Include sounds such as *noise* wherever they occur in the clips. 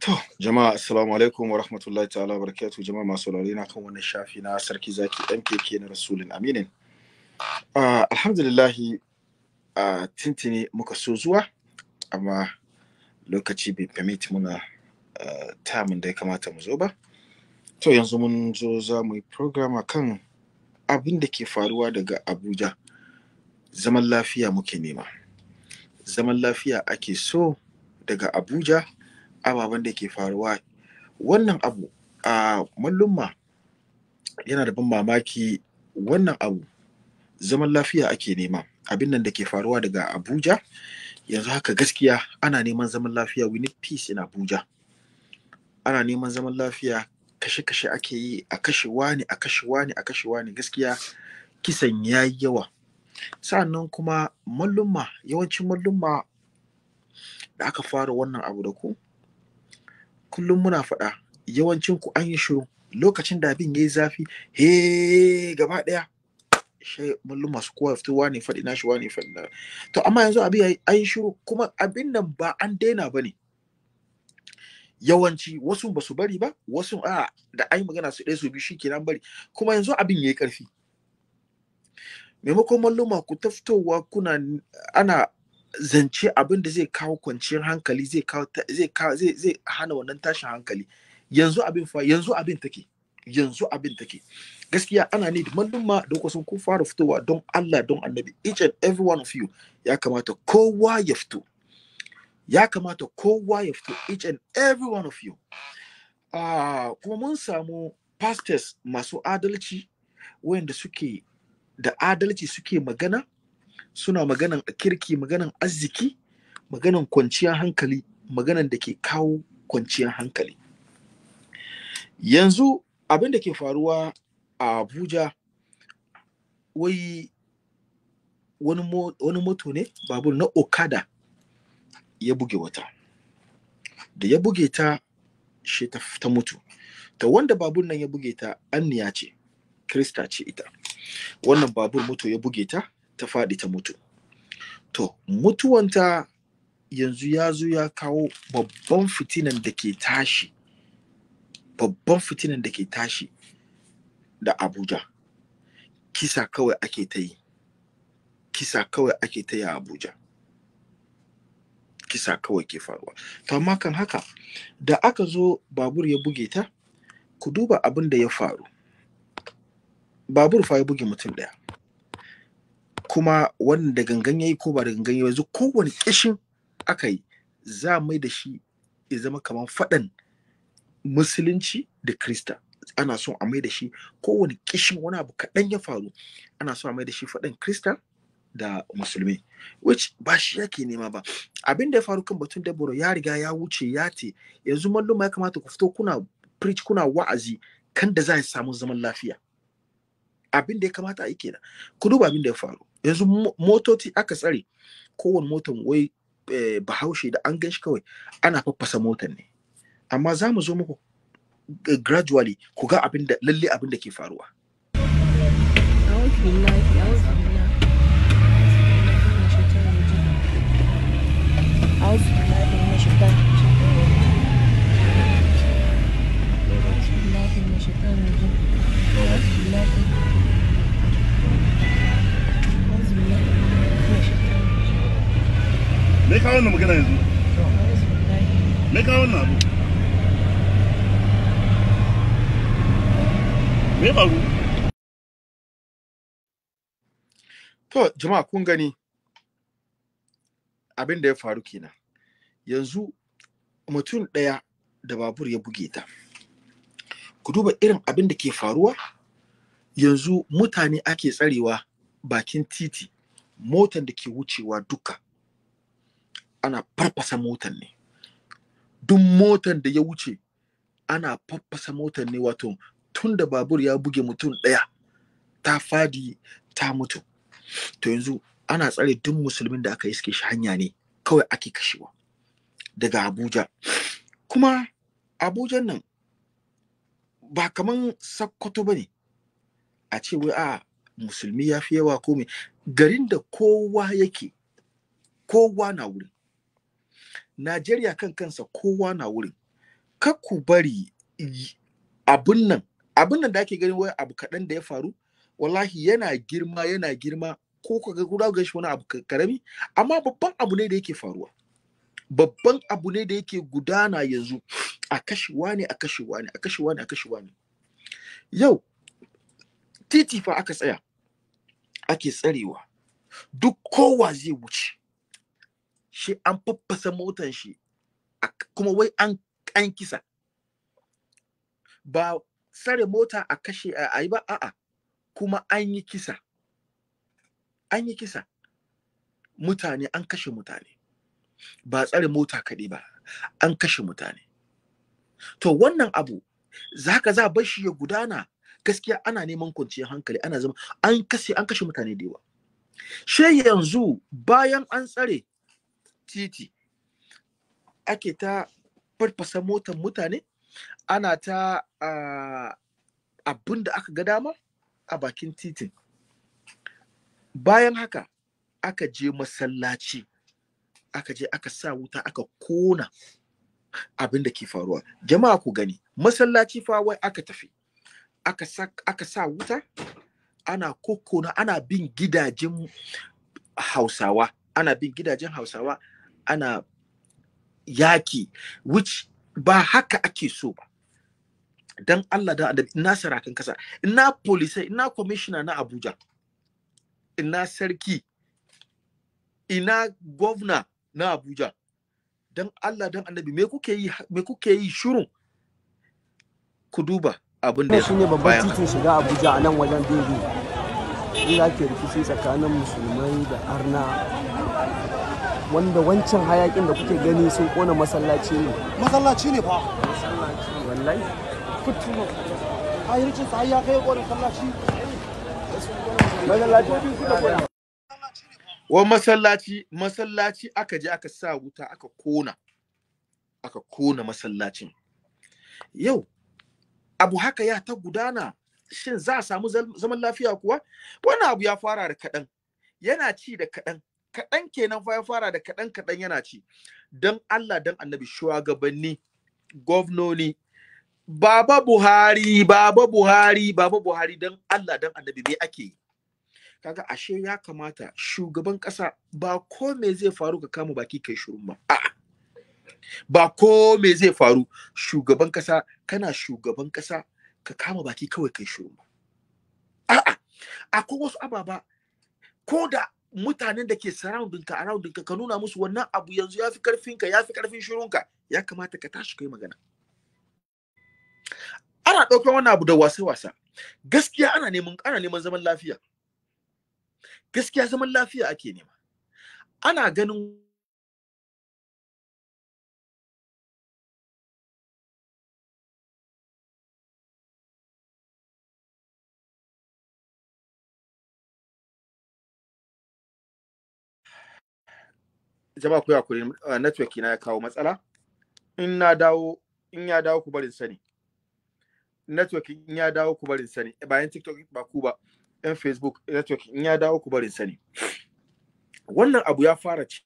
To, jama'a assalamu alaikum wa rahmatullahi ta'ala wa barakatuhu jama'a masu laurari na kan wannan shafi na sarki zaki MKK na Rasulun Aminin. Uh, alhamdulillahi uh, tintini muka so zuwa amma lokaci bai permit muna time mun da ya kamata mu zo ba. To yanzu mun zo za mu yi program a kan abin da ke faruwa daga Abuja. Zaman lafiya muke nema. Zaman lafiya ake so daga Abuja ababen da ke faruwa wannan abu a mallumma yana da ban mamaki wannan abu zaman lafiya ake nema abin nan da ke faruwa daga abuja yanzu haka gaskiya ana neman zaman lafiya we need peace in abuja ana neman zaman lafiya kashe-kashe ake yi a kashewa ne a kashewa ne a kashewa ne gaskiya kisan ya yi yawa sa'annan kuma mallumma yawancin mallumma da aka fara wannan abu da ku kullum muna faɗa yawancin ku an yi shiru lokacin da abin ya yi zafi he gaba ɗaya shai mallum masu kowa fito wani faɗi nashi wani faɗi na to amma yanzu abin an yi shiru kuma abin nan ba an daina ba ne yawanci wasu ba su bari ba wasu a da ai magana su ɗaya su biyu shikenan bari kuma yanzu abin ya yi ƙarfi maimakon malluma ku ta fitowa kuna ana zance abin da zai kawo kwanciyar hankali zai kawo zai kawo zai zai hana wannan tashin hankali yanzu abin fa yanzu abin take yanzu abin take gaskiya ana need malluma da kusan kun fara fitowa don Allah don Annabi each and every one of you ya kamata kowa ya fito ya kamata kowa ya fito each and every one of you uh, kuma mun samu pastors masu adalci wayanda suke da adalci suke magana suna maganan kirki maganan arziki maganan kwanciyar hankali maganan da ke kawo kwanciyar hankali yanzu abin da ke faruwa a abuja wai wani moto ne babur na okada ya buge wata da ya buge ta shi ta mutu ta wanda babur nan ya buge ta anniya ce krista ce ita wannan babur moto ya buge ta ta faɗi ta mutu to mutuwanta yanzu ya zo ya kawo babban fitinan da ke tashi babban fitinan da ke tashi da abuja kisa kawai ake ta yi kisa kawai ake ta yi a abuja kisa kawai ke faruwa to amma kan haka da aka zo babur ya buge ta ku duba abin da ya faru babur fa ya buge mutum ɗaya kuma wannan da gangan yayi ko ba da gangan yayi yanzu kowane kishin aka yi za mai da shi ya zama kamar faɗan musulunci da krista ana son a mai da shi kowane kishin wani abu kaɗan ya faru ana son a mai da shi faɗan krista da musulmi which ba shi yake nema ba abin da ya faru kan batun daboro ya riga ya wuce ya te yanzu malluma ya kamata ku fito kuna preach kuna wa'azi kan da za a samu zaman lafiya abin da ya kamata a yi kenan ku duba abin da ya faru yanzu motoci aka tsare kowane motan wai eh, bahaushe da an gan kawai ana faffasa motan ne amma za mu zo muku eh, gradually ku ga abin da lalle abin da ke faruwa To, jama'a kun gani abin da ya faru kenan. Yanzu mutum ɗaya da babur ya buge ta. Ku duba irin abin da ke faruwa, yanzu mutane ake tsarewa bakin titi, motan da ke wucewa duka. Ana farfasa motan ne. Duk motan da ya wuce, ana farfasa motan ne wato tunda babur ya buge mutum ɗaya, ta fadi ta mutu. to yanzu ana tsare duk musulmin da aka iske shi hanya ne kawai ake kashewa daga abuja kuma abuja nan ba kaman sakkwato ba ne a ce wai a ah, musulmi ya fi yawa ko garin da kowa yake kowa na wurin najeriya kan kansa kowa na wurin kar bari abun nan abun nan da ake ganin wai abu kaɗan da ya faru wallahi yana girma yana girma ko ka ga ga shi wani abu karami amma babban abu ne da yake faruwa babban abu ne da yake gudana yanzu a kashewa ne a kashewa ne a kashewa ne a kashewa ne yau titi fa aka tsaya ake tsarewa duk kowa zai wuce shi an faffasa motan shi kuma wai an an kisa ba tsare mota a kashe a yi ba a'a kuma an yi kisa an yi kisa mutane an kashe mutane ba tsare mota kaɗai ba an kashe mutane to wannan abu zaka za bar shi ya gudana gaskiya ana neman kwanciyar hankali ana zama an kashe an kashe mutane da yawa she yanzu bayan an tsare titi ake ta farfasa motar mutane ana ta uh, aka ga dama a bakin titin bayan haka aka je masallaci aka je aka sa wuta aka kona abin da ke faruwa jama'a ku gani masallaci fa wai aka tafi aka sa, aka sa wuta ana kokona ana bin gidajen hausawa ana bin gidajen hausawa ana yaki which ba haka ake so ba dan Allah da adabi ina sarakan kasa ina police ina commissioner na Abuja ina sarki ina governor na Abuja dan Allah dan annabi me kuke yi me kuke yi shirun ku duba abin da shine babban titin shiga Abuja a nan wajen Bebe Ina ke rikici tsakanin musulmai da arna wanda wancan hayakin da kuke gani sun kona masallaci ne masallaci ne fa wallahi wa masallaci masallaci aka je aka sa wuta aka kona aka kona masallacin yau abu haka ya ta gudana shin za a samu zaman lafiya kuwa Wani abu ya fara da kaɗan yana ci da kaɗan kaɗan kenan fa ya fara da kaɗan kaɗan yana ci don Allah don annabi shugabanni gwamnoni Baba Buhari, Baba Buhari, Baba Buhari dan Allah dan Annabi me ake yi? Kaga ashe ya kamata shugaban kasa ba ko me zai faru ka kama baki kai shirin ba. A'a. Ba ko me zai faru shugaban kasa kana shugaban kasa ka kama baki kawai kai shirin ba. A'a. Akwai wasu ababa ko da mutanen da ke surrounding ka around ka ka nuna musu wannan abu yanzu ya fi karfin ka ya fi karfin shirin ka ya kamata ka tashi kai magana. ana ɗaukar wannan abu da wasa-wasa gaskiya ana neman ana neman zaman lafiya gaskiya zaman lafiya ake nema ana ganin jama'a ku hakuri network na ya kawo matsala in na dawo in ya dawo ku barin sani network in ya dawo ku barin sani eh, bayan tiktok ba ku ba yan facebook network in ya dawo ku barin sani wannan abu ya fara ci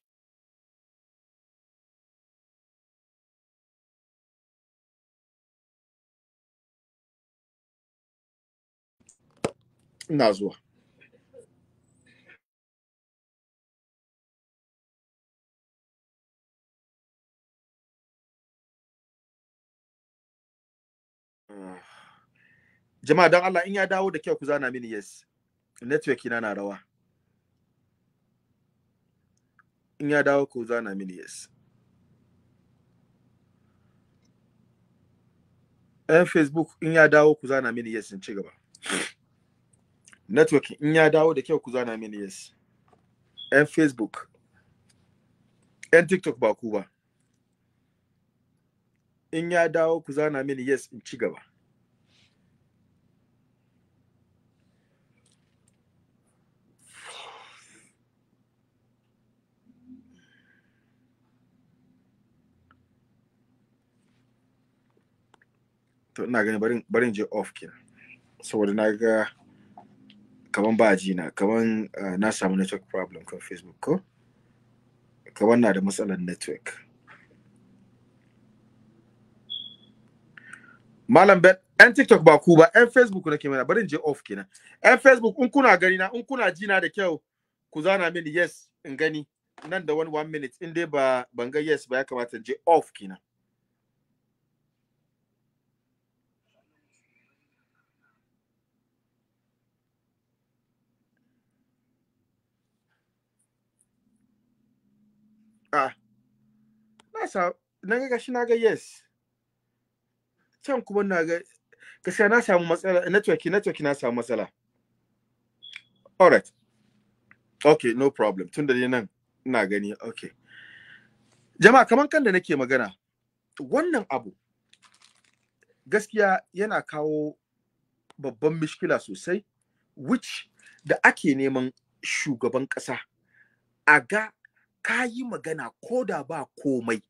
ina zuwa Uh... jama'a don Allah in ya dawo da kyau ku zana mini yes network ina na rawa in ya dawo ku zana mini yes ɗan facebook in ya dawo ku zana mini yes in ci gaba network in ya dawo da kyau ku zana mini yes ɗan facebook ɗan tiktok ba ku ba in ya dawo ku zana mini yes in ci gaba to ina ganin barin barin je off kenan saboda na ga kaman ba ji na kaman eh, na samu network problem kan facebook ko kaman na da matsalar network malam bet yan tiktok ba ku ba yan facebook nake mana barin je off kenan yan facebook in kuna gani na in kuna ji na da kyau ku zana mini yes in gani nan da wani one minute in dai ba ban ga yes ba ya kamata je off kenan sa na ga shi na ga yes can kuma na ga gaskiya na samu matsala network network na samu matsala all right okay no problem tun da nan ina gani okay jama'a kaman kan da nake magana wannan abu gaskiya yana kawo babban mishkila sosai which da ake neman shugaban ƙasa a ga ka yi magana ko da ba komai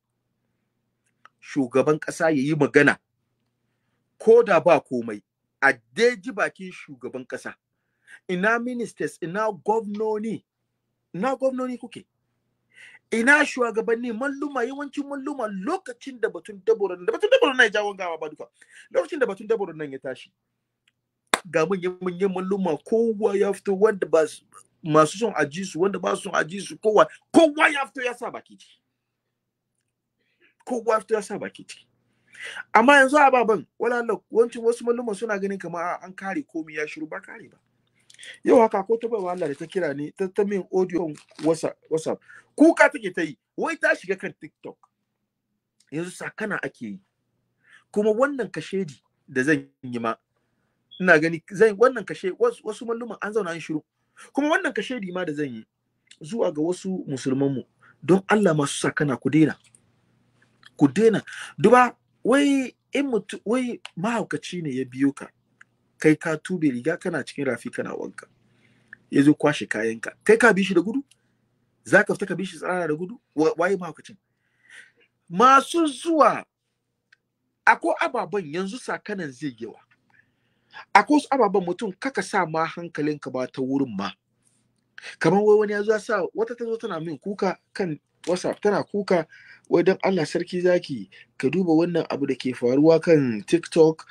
shugaban ƙasa ya yi magana ko da ba komai a daji bakin shugaban ƙasa ina ministers ina gwamnoni ina gwamnoni kuke ina shugabanni malluma yawancin malluma lokacin da batun daboran da batun daboran nan ya jawo gawa ba duka lokacin da batun daboran nan ya tashi ga manyan malluma kowa ya fito wanda ba masu son aji su wanda ba su son aji su kowa kowa ya fito ya sa baki ko fito ya sa baki ciki amma yanzu baban wala Allah wancin wasu malluman suna ganin kamar an kare komai ya shiru ba kare ba yau haka ko ta baiwa Allah da ta kira ni ta ta min audio WhatsApp kuka take ta yi wai ta shiga kan TikTok yanzu sakana ake yi kuma wannan kashedi da zan yi ma ina gani zan wannan kashe wasu malluman an zauna an shiru kuma wannan kashedi ma da zan yi zuwa ga wasu musulman mu don Allah masu sakana ku daina ku daina duba wai in mutu wai mahaukaci ne ya biyo ka kai ka tube riga kana cikin rafi kana wanka ya zo kwashe kayanka kai ka bi shi da gudu za ka fita ka bi shi tsara da gudu waye mahaukacin masu zuwa akwai ababen yanzu sakanan zai yawa akwai wasu ababen mutum kaka sa ma hankalinka ba ta wurin ma kamar wai wani ya zo sa wata ta tana min kuka kan wasa tana kuka wai don Allah sarki zaki ka duba wannan abu da ke faruwa kan TikTok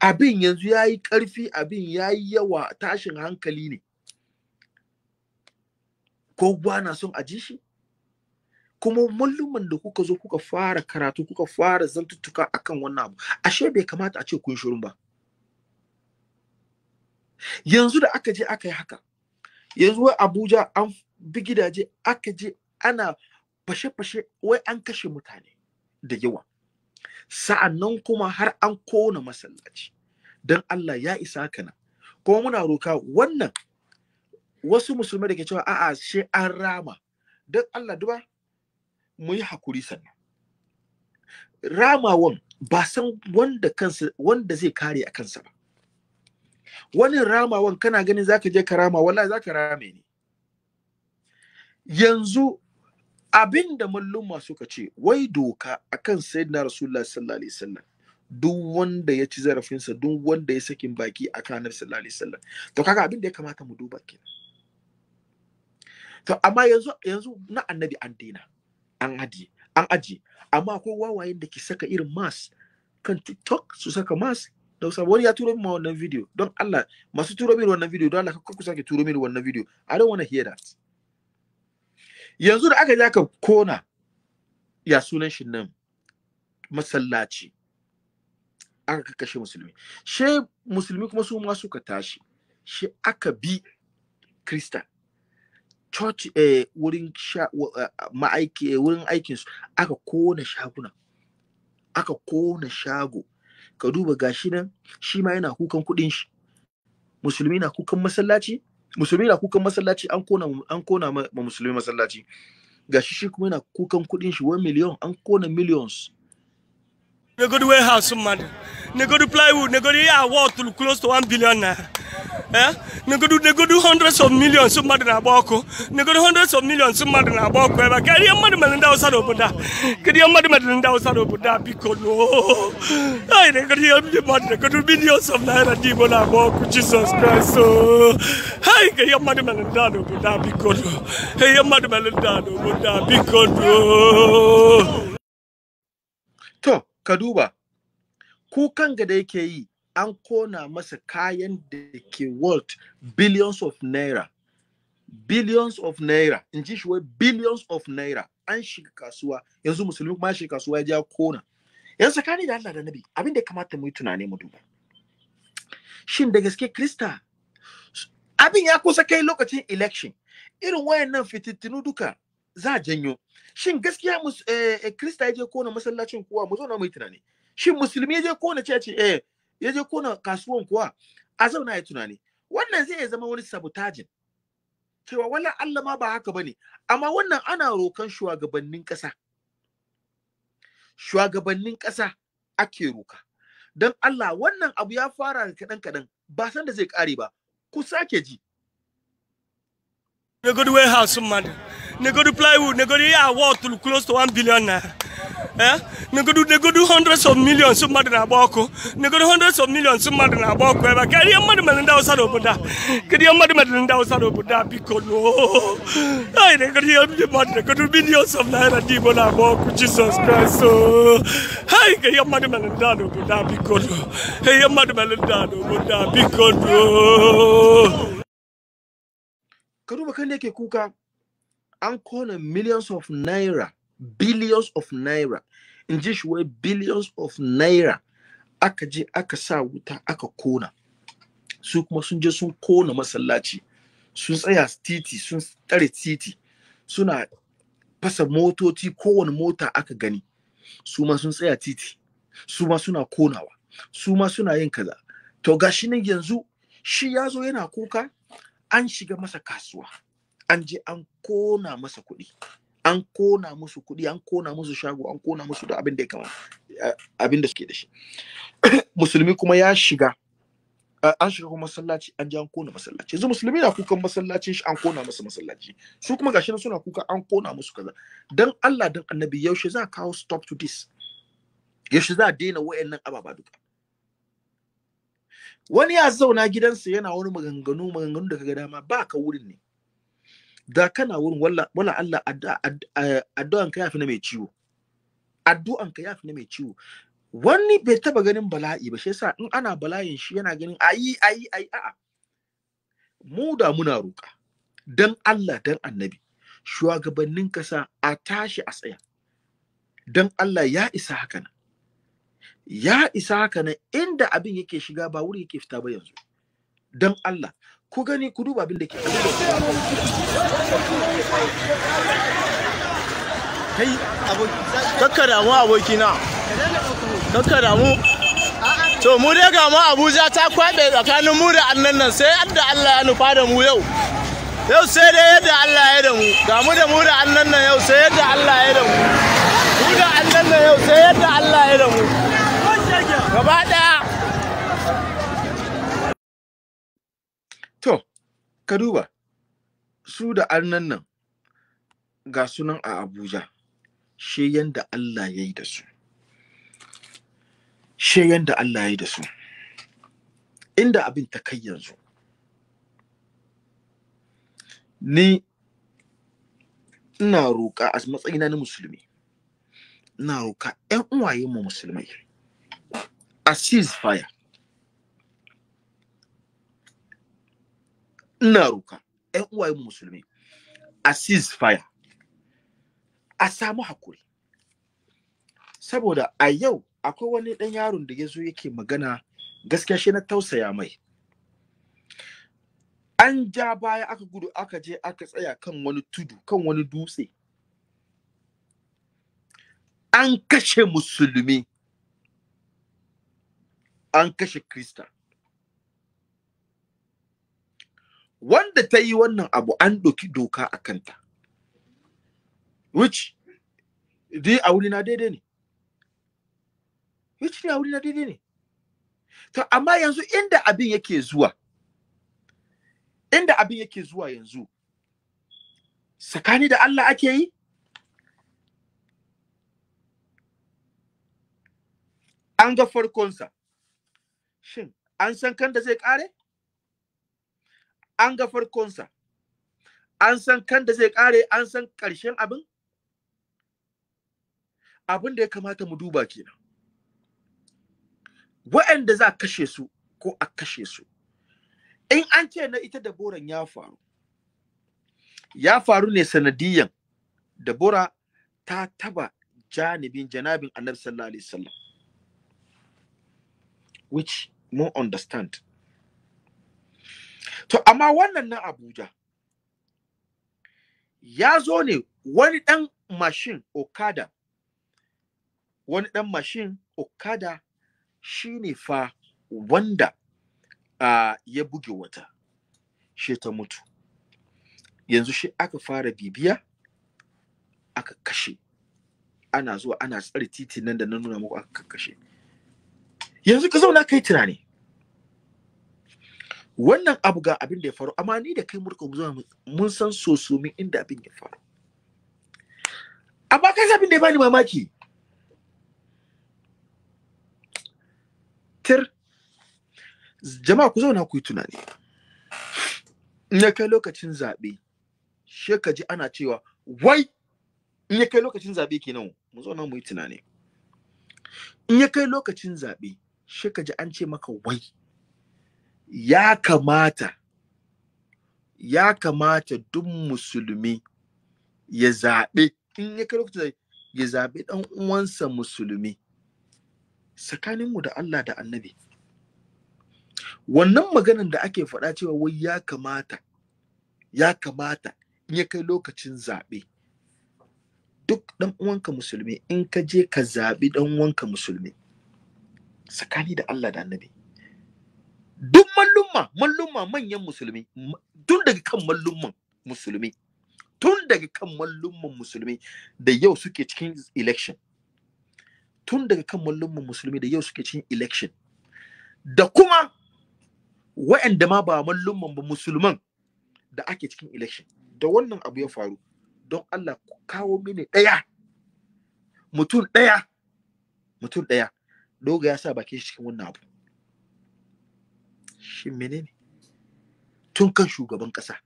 abin yanzu ya yi ƙarfi abin ya yi yawa tashin hankali ne ko na son a shi kuma malluman da kuka zo kuka fara karatu kuka fara zantuttuka akan wannan abu ashe bai kamata a ce kun shirin ba yanzu da aka je aka yi haka yanzu wai abuja an bi gidaje aka je ana fashe-fashe wai an kashe mutane da yawa sa'annan kuma har an kona masallaci don Allah ya isa kana kuma muna roka wannan wasu musulmai da ke cewa a'a she an rama don Allah duba mu yi hakuri sannan ramawan ba san wanda kansa wanda zai kare a kansa ba wani ramawan kana ganin zaka je ka rama wallahi zaka rame ne yanzu abin da malluma suka ce wai doka akan sayyidina rasulullah sallallahu alaihi wasallam duk wanda ya ci zarafinsa duk wanda ya sakin baki a kanar sallallahu alaihi wasallam to kaga abin da ya kamata mu duba kenan to amma yanzu yanzu na annabi an daina an aji an aji amma akwai wawayen da ke saka irin mas kan tiktok su saka mas da wani ya turo min wannan video don Allah masu turo min wannan video don Allah ka ku sake turo min wannan video i don't want to hear that yanzu da aka je ka kona ya sunan shi nan masallaci aka kashe musulmi she musulmi kuma su ma suka tashi she aka bi krista church eh, wurin uh, wurin aikin su aka kona shaguna aka kona shago ka duba gashi nan shi ma yana kukan kudin shi musulmi na kukan masallaci musulmi na kukan masallaci an kona an kona ma musulmi masallaci gashi shi kuma yana kukan kudin shi 1 million an kona millions ne go warehouse man ne go plywood ne go yeah to close to 1 billion naira ee negodu hundreds of millions mmadụ n a b a k ụ negodu hundreds of millions mmadụ n a b a k ụ e b a ka i h m a d ụ mere n a w s a n o b o d a kedu i h m a d ụ mere n a w s a n o b o d a biko a n y negodu ihe d ị m a d ụ negodu millions of naira d i b o n a b a k ụ jizọs kraịst a y ị ka i h m a d ụ mere n a n o b o d a biko ihe mmadụ mere n a n o b o d a biko to ka duba kukan ga da yake yi an kona masa kayan da ke worth billions of naira billions of naira in ji shi billions of naira an shiga kasuwa yanzu musulmi kuma shiga kasuwa ya ja kona yanzu tsakani da Allah da Nabi abin da kamata mu yi tunani mu duba shin da gaske Krista abin ya kusa kai lokacin election irin wayannan fitittunu duka za janyo shin gaskiya eh, eh, Krista ya je kona masallacin kowa mu na mu yi tunani shin musulmi ya je kona ce ce eh ya je kona kasuwan kuwa a zauna ya tunani wannan zai zama wani sabotajin cewa wannan Allah ma ba haka bane amma wannan ana rokan shugabannin ƙasa shugabannin ƙasa ake roka don Allah wannan abu ya fara kaɗan kaɗan ba san da zai kare ba ku sake ji na gudu warehouse man na gudu plywood na gudu ya close to 1 billion naira Eh? negodu negodu hundreds of millions mmadụ na-agba ọkụ negodu hundreds of millions mmadụ na-agba ọkụ ebe a kedụ ihe mmadụ mere ndị awụsa n'obodo a kedụ ihe mmadụ mere ndị awụsa n'obodo a biko noo anyị negodu ihe ndị mmadụ negodu millions of naira ndị igbo na-agba ọkụ jizọs kraịst anyị kedụ ihe mmadụ mere ndị a n'obodo a biko noo ihe mmadụ mere ndị a n'obodo a biko noo ka duba kan da yake kuka an kona millions of naira billions of naira in ji shi wai billions of naira aka je aka sa wuta aka kona su kuma sun je sun kona masallaci sun tsaya titi sun tsare titi suna fasa motoci kowane mota aka gani su ma sun tsaya titi su ma suna konawa su ma suna yin kaza to gashi nan yanzu shi ya zo yana kuka an shiga masa kasuwa an je an kona masa kuɗi an kona musu kuɗi an kona musu shago an kona musu da abin da kama eh, abin da suke da shi *coughs* musulmi kuma ya shiga eh, an shiga kuma masallaci an ji an kona masallaci yanzu musulmi na kuka masallacin shi an kona masa masallaci su kuma gashi suna kuka an kona musu kaza dan Allah dan annabi yaushe za kawo stop to this yaushe za a daina wayannan ababa duka wani ya zauna gidansa yana wani maganganu maganganu daga dama ba ka wurin ne da kana wurin wala Allah addu'an ka yafi na mai ciwo ka yafi na mai ciwo wani bai taba ganin bala'i ba shi yasa in ana bala'in shi yana ganin ayi ayi ayi a'a mu da muna roƙa dan Allah dan annabi shugabannin kasa a tashi a tsaya dan Allah ya isa haka nan ya isa haka nan inda abin yake shiga ba wuri yake fita ba yanzu dan Allah ku gani ku duba abin da ke kai kakka damu aboki na kakka damu to mu dai ga mu abuja ta kwaɓe tsakanin mu da annan nan sai yadda allah ya nufa da mu yau yau sai dai yadda allah ya da mu ga mu da mu da annan nan yau sai yadda allah ya da mu mu da annan nan yau sai yadda allah ya da mu gaba daya ka duba su da arnan nan ga sunan a abuja she yanda allah ya yi da su she yanda allah ya yi da su inda abin ta kai yanzu ni ina roƙa a matsayina na musulmi ina roƙa 'yan mu musulmai a ceasefire ina roka yan uwayen musulmi a ceasefire a samu hakuri saboda a yau akwai wani ɗan yaron da ya zo yake magana gaskiya shi na tausaya mai an ja baya aka gudu aka je aka tsaya kan wani tudu kan wani dutse an kashe musulmi an kashe kirista. wanda ta yi wannan abu an ɗauki doka a kanta which dai a wuri na daidai ne which dai a wuri na daidai ne to amma yanzu inda abin yake zuwa inda abin yake zuwa yanzu tsakani da Allah ake yi an ga farkonsa shin an san kan da zai kare an ga farkonsa an san kan da zai kare an san ƙarshen abin abin da ya kamata mu duba kenan wa'anda za kashe su ko a kashe su in an ce na ita da boran ya faru ya faru ne sanadiyan da bora ta taba janibin janabin annabi sallallahu alaihi wasallam which more understand to amma wannan na abuja ya zo ne wani ɗan mashin okada wani ɗan mashin okada shi fa wanda uh, ya buge wata shi ta mutu yanzu shi aka fara bibiya aka kashe ana zuwa ana tsare titi nan da na nuna muku aka kashe yanzu ka zauna kai tunani wannan abu ga abin da ya faru amma ni da kai murka mun san sosomi inda abin ya faru amma kai abin da ya bani mamaki tir jama'a ku zauna ku yi tunani in ya kai lokacin zaɓe she ka ji ana cewa wai in ya kai lokacin zaɓe kenan mu zauna mu yi tunani in ya kai lokacin zaɓe she ka ji an ce maka wai ya kamata ya kamata duk musulmi ya zaɓe in ya kai lokacin ya zaɓi ɗan uwansa musulmi tsakaninmu da Allah da annabi wannan maganan da ake faɗa cewa wai ya kamata ya kamata in ya kai lokacin zaɓe duk ɗan uwanka musulmi in ka je ka zaɓi ɗan uwanka musulmi tsakani da Allah da annabi duk mallumma mallumma manyan musulmi tun daga kan mallumman musulmi tun daga kan mallumman musulmi da yau suke cikin election tun daga kan mallumman musulmi da yau suke cikin election da kuma wa'anda ma ba mallumman ba musulman da ake cikin election da wannan abu ya faru don Allah ku kawo mini ɗaya mutum ɗaya mutum ɗaya doga ya sa shi cikin wannan abu shin menene tun kan shugaban ƙasa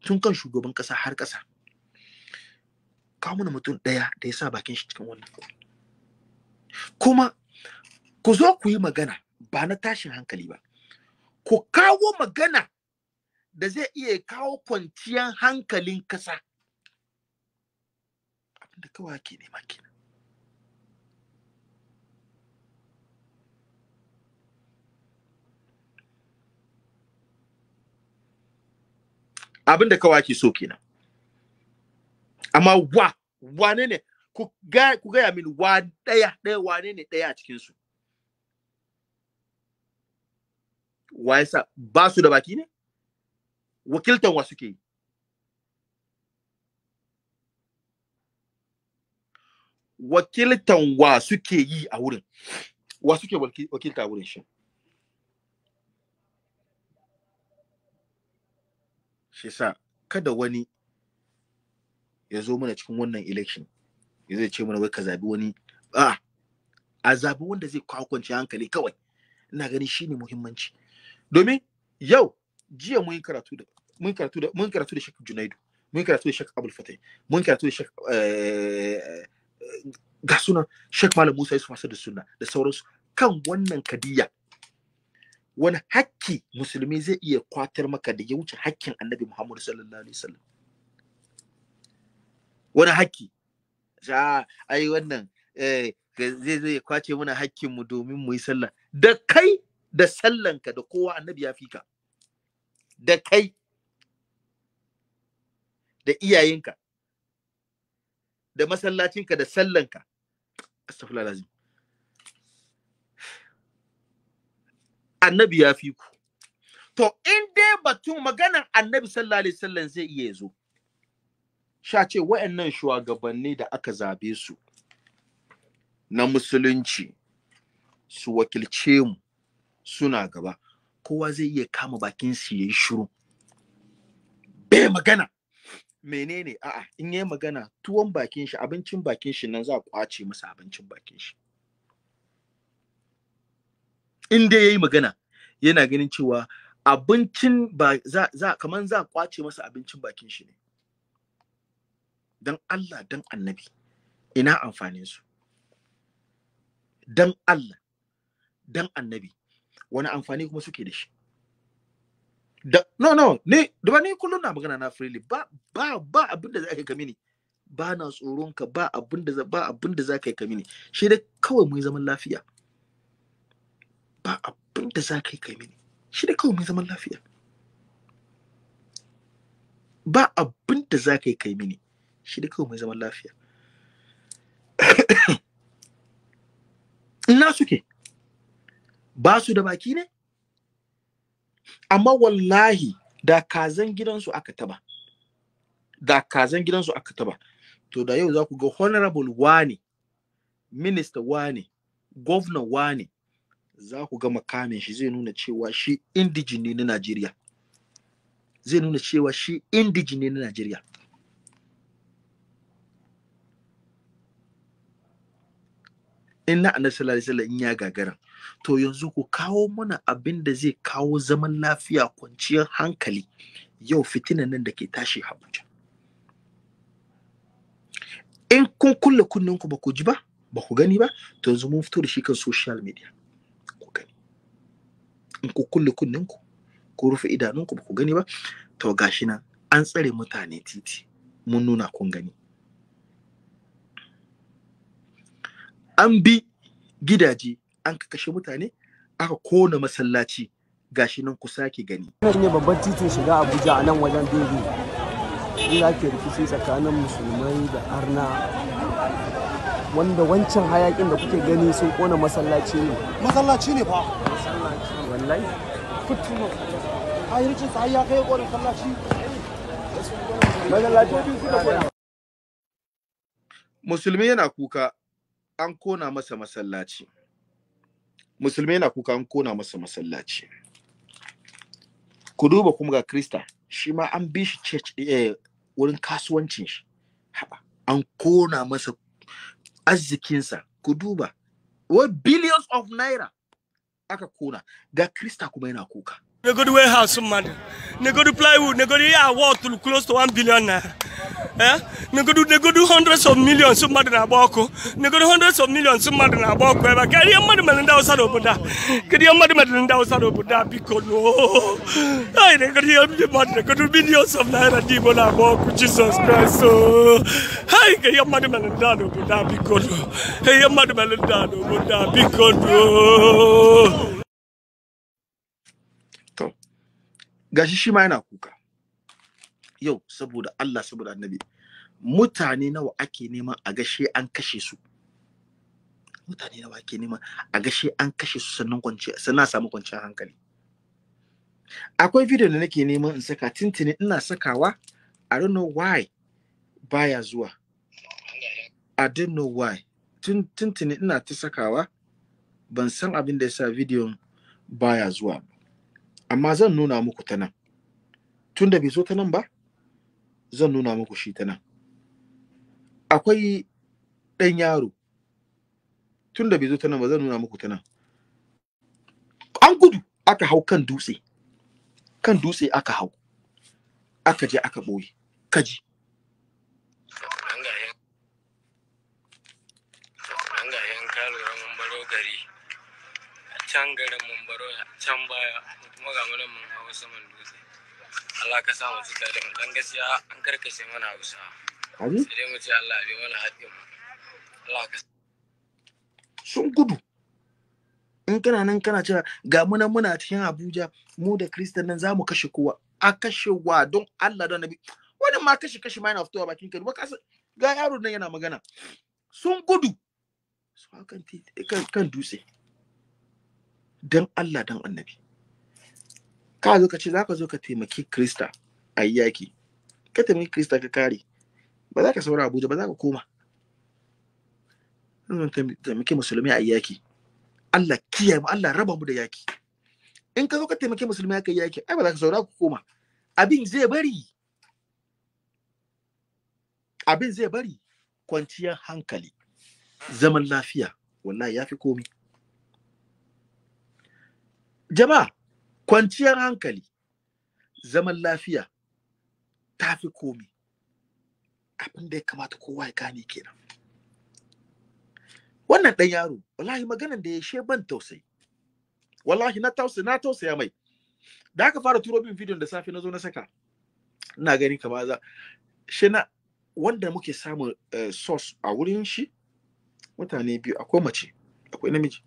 tun kan shugaban ƙasa har ƙasa kawo mana mutum ɗaya da ya sa bakin shi cikin wannan kuma ku zo ku yi magana ba na tashin hankali ba ku kawo magana da zai iya kawo kwanciyar hankalin ƙasa abinda kawai ake nema kenan abin da kawai ake so kenan amma wa wane ne ku gaya mini wa ɗaya ɗaya wane ne ɗaya a cikinsu wa yasa ba su da baki ne wakiltan wa suke yi wakiltan wa suke yi a wurin wa suke wakilta a wurin shi shi sa kada wani ya zo mana cikin wannan election ya zai ce mana wai ka zabi wani a a zabi wanda zai kawo kwanciyar hankali kawai ina gani shine muhimmanci domin yau jiya mun karatu da mun karatu da mun karatu da Sheikh Junaidu mun karatu da Sheikh Abdul Fatai mun karatu da Sheikh eh, eh, ga sunan Sheikh Malam Musa Yusuf Asad da sunna da sauransu kan wannan kadiya wani hakki musulmi zai iya kwatar maka da ya wuce hakkin annabi Muhammadu sallallahu alaihi wasallam wani hakki ja ai wannan eh zai ya kwace mana hakkin mu domin mu yi sallah da kai da sallanka da kowa annabi ya fika da kai da iyayenka da masallacinka da sallanka astaghfirullah lazim annabi ya fi ku to in dai batun maganan annabi sallallahu alaihi wasallam zai iya zo sha ce wayannan shugabanni da aka zabe su na musulunci su wakilce mu suna gaba kowa zai iya kama bakin su yayi shiru bai magana menene a'a in yayi magana tuwon bakin shi abincin bakin shi nan za a kwace masa abincin bakin shi in dai yayi magana yana ganin cewa abincin ba za za kaman za kwace masa abincin bakin shi ne dan Allah dan annabi ina amfanin su dan Allah dan annabi wani amfani kuma suke da shi da no no ni da ni kullum na magana na freely ba ba ba abin da ka kami ne ba na tsoron ka ba abin da ba abin da ka yi kami ne shi da kawai mu yi zaman lafiya ba abin da za ka yi kai mini shi ne kawai mai zaman lafiya ba abin da za ka yi kai mini shi ne kawai mai zaman lafiya ina suke ba su da baki ne amma wallahi da kazan gidansu aka taba da kazan gidansu aka taba to da yau za ku ga honorable wani, minister wani, governor wani. za ku ga makamin shi zai nuna cewa shi indijin na Najeriya. Zai nuna cewa shi na Najeriya. In na annabi sallallahu alaihi in ya gagara. To yanzu ku kawo mana abin da zai kawo zaman lafiya kwanciyar hankali yau fitinan nan da ke tashi Abuja. In kun kulle kunninku ba ku ji ba, ba ku gani ba, to yanzu mun fito da shi kan social media. in ku kulle kunninku ko rufe idanunku ba ku gani ba to gashi nan an tsare mutane titi mun nuna kun gani an bi gidaje an kashe mutane aka kona masallaci gashi nan ku sake gani ne babban titin shiga abuja a nan wajen dogo Ina ke rikici tsakanin musulmai da arna wanda wancan hayakin da kuke gani sun kona masallaci ne masallaci ne fa masallaci wallahi kutuno a yi rikin sai ya kai korin kallashi musulmi yana kuka an kona masa masallaci musulmi yana kuka an kona masa masallaci ku duba kuma ga krista shi ma an bi shi church wurin kasuwancin shi an kona masa arzikinsa ku duba what billions of naira aka kona ga krista kuma yana kuka. Na gudu warehouse man, na gudu plywood, na gudu iya wall close to 1 billion naira. negodu negodu hundreds of millions mmadụ n a g b a k ụ negodu hundreds of millions mmadụ n a b a k ụ e b a k e d i h m a d ụ mere n d a w s a n o b o d a k e d i h m a d ụ mere n d a w s a n o b o d a biko noo negodu ihe ndị m a d ụ negodu millions of naira d i b o n a b a k ụ jizọs k r a s t o a i ka i h m a d ụ mere n d a n o b o d a biko noo ihe mmadụ mere n d a n o b o d a biko n o gashi shi ma y n a kuka yau saboda Allah saboda annabi mutane nawa ake nema a gashe an kashe su mutane nawa ake nema a gashe an kashe su sannan kwanci sannan samu kwanciyar hankali akwai video da nake neman in saka tintini ina sakawa i don't know why baya zuwa i don't know why tintini ina ta sakawa ban san abin da yasa bidiyon baya zuwa amma zan nuna muku ta nan tunda bai zo ta nan ba zan nuna muku shi ta nan akwai ɗan yaro tun da bai zo ta nan ba zan nuna muku ta nan an gudu aka hau kan dutse kan dutse aka hau aka je aka ɓoye kaji can garin mun baro can baya kuma ga mun hawa saman dutse Allah ka samu cika da mu dan gaskiya an karkashe mana Hausa. Amin. Sai dai mu ji Allah bai mana haɗin mu. Allah ka sun gudu. In kana nan kana cewa ga mu nan muna cikin Abuja mu da Kristan nan za mu kashe kowa. A kashe wa don Allah don Nabi. Wani ma kashe kashe ma yana fitowa bakin ka. Ga yaro nan yana magana. Sun gudu. Su hakan kan dutse. Don Allah don Annabi. ka zo ka ce za ka zo ka taimaki krista a yi yaki ka taimaki krista ka kare ba za ka saura abuja ba za ka koma zan taimaki musulmi a yi yaki allah kiyaye mu allah raba mu da yaki in ka zo ka taimaki musulmi a yi yaki ai ba za ka saura ku koma abin zai bari abin zai bari kwanciyar hankali zaman lafiya wallahi ya fi komi jama'a kwanciyar hankali zaman lafiya ta fi komi abin da ya kamata kowa ya gane kenan wannan ɗan yaro wallahi maganan da ya she ban tausayi wallahi na tausayi na tausaya mai da aka fara turo bin bidiyon da safe na zo na saka ina gani kamar za shi na wanda muke samun eh, source a wurin shi mutane biyu akwai mace akwai namiji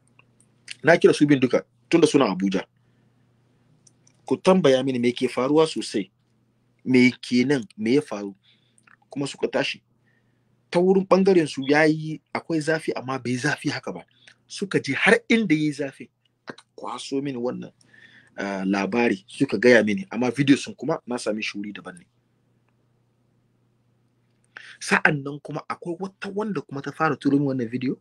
na kira su bin duka tunda suna abuja ku tambaya mini me ke faruwa sosai me ke nan me ya faru kuma suka tashi ta wurin bangaren su yayi akwai zafi amma bai zafi haka ba suka je har inda yayi zafi aka kwaso mini wannan ah, labari suka gaya mini amma video sun kuma na sami shuri daban ne sa'an nan kuma akwai wata wanda kuma ta fara turo min wannan video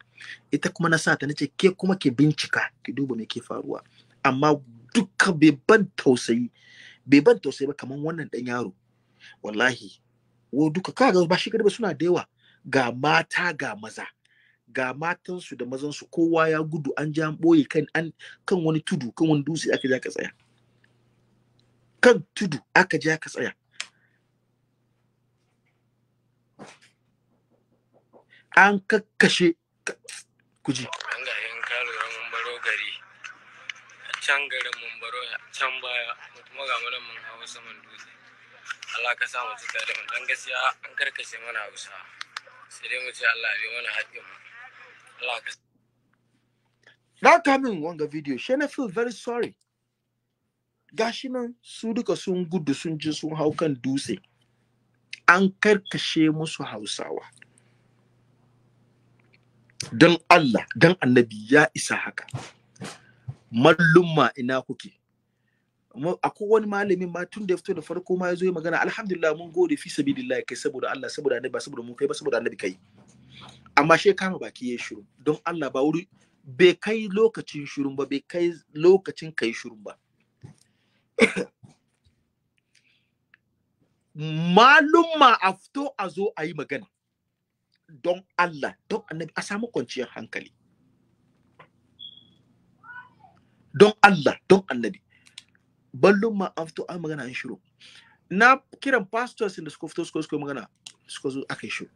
ita kuma na sa ta nace ke kuma ke bincika ki duba me ke faruwa amma Duka bai ban tausayi bai ban tausayi ba kamar wannan dan yaro wallahi wo duka kaga ba shi ba suna da yawa ga mata ga maza ga matansu da mazansu kowa ya gudu an ja boye kan an kan wani tudu kan wani dutse aka ja ka tsaya kan tudu aka ja ka tsaya an kakkashe kuji can garin mun baro can baya mu kuma ga mun mun hawo saman dutse Allah ka sa mu ci tare mun dan gaskiya an karkashe mana Hausa sai dai mu ci Allah bai mana haƙƙin mu Allah ka Na kamin wanga video she na feel very sorry gashi nan su duka sun gudu sun ji sun hau kan dutse an karkashe musu Hausawa don Allah don annabi ya isa haka mallumma ina kuke akwai wani malami ma tun da ya fito da farko ma ya zo ya magana alhamdulillah mun gode fi sabilillah kai saboda Allah saboda annabi ba saboda mun kai ba saboda annabi kai amma shi kama baki ya shiru don Allah ba wuri bai kai lokacin shirun ba bai kai lokacin kai shirun ba *coughs* malumma a fito a zo a yi magana don Allah don annabi a samu kwanciyar hankali don Allah don annabi ballon ma an fito an magana an shiru na kiran pastors da suka fito suka magana suka zo aka yi shiru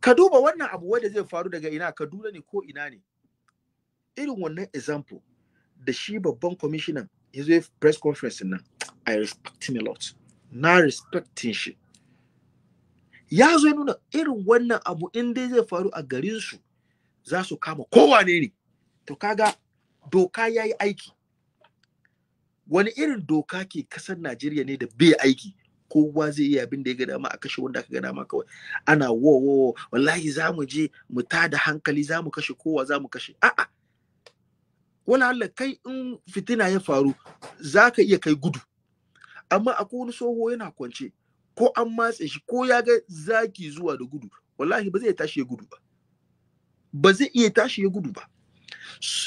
ka duba wannan abu wanda zai faru daga ina ka kaduna ne ko ina ne irin wannan example da shi babban kwamishinan ya zo press conference nan i respect him a lot na respecting shi ya zo nuna irin wannan abu in dai zai faru a garinsu za su kama kowane ne to kaga doka ya yi aiki wani irin doka ke kasar najeriya ne da bai aiki kowa zai iya abin da ya ga dama a kashe wanda aka ga dama kawai ana wo wo wallahi za mu je mu ta da hankali za mu kashe kowa za mu kashe a'a wala Allah kai in fitina ya faru za ka iya kai gudu amma akwai wani tsoho yana kwance ko an matse shi ko ya ga zaki zuwa da gudu wallahi ba zai tashi ya gudu ba ba zai iya tashi ya gudu ba